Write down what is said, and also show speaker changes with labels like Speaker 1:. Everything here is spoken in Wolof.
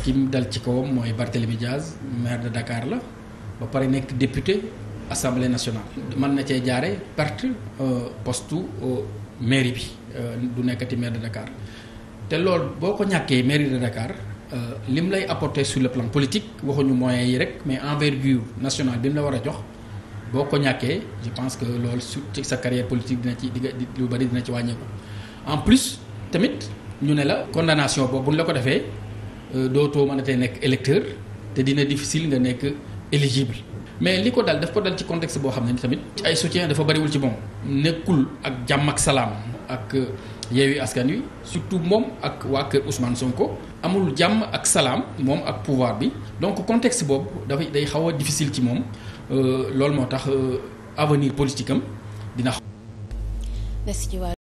Speaker 1: ki mu dal ci kawam mooy Barthélémy Diaz maire de Dakar la ba pare nekk député assemblée nationale. mën na cee jaare perte euh, postu euh, mairie bi euh, du nekkati maire de Dakar te lool boo ko ñàkkee mairie de Dakar mu lay apporter sur le plan politique waxuñu moyen yi rek mais envergure nationale bi mu la war a jox. boo ko ñàkkee je pense que loolu su ci sa carrière politique dina ci di lu bari dina ci wàññeeku en plus tamit ñu ne la condamnation boobu ñu la ko defee Euh, dootoo mën a tey nekk électeur te dina difficile nga nekk éligible mais li ko dal daf ko dal ci contexte boo xam ne ni tamit ay soutien dafa bariwul ci moom nekkul ak jàmm ak salaam ak euh, yeewi askan wi surtout moom ak waa kër Ousmane Sonko amul jàmm ak salaam moom ak pouvoir bi donc contexte boobu dafay day xaw a difficile ci moom euh, loolu moo tax avenir politique dina dina.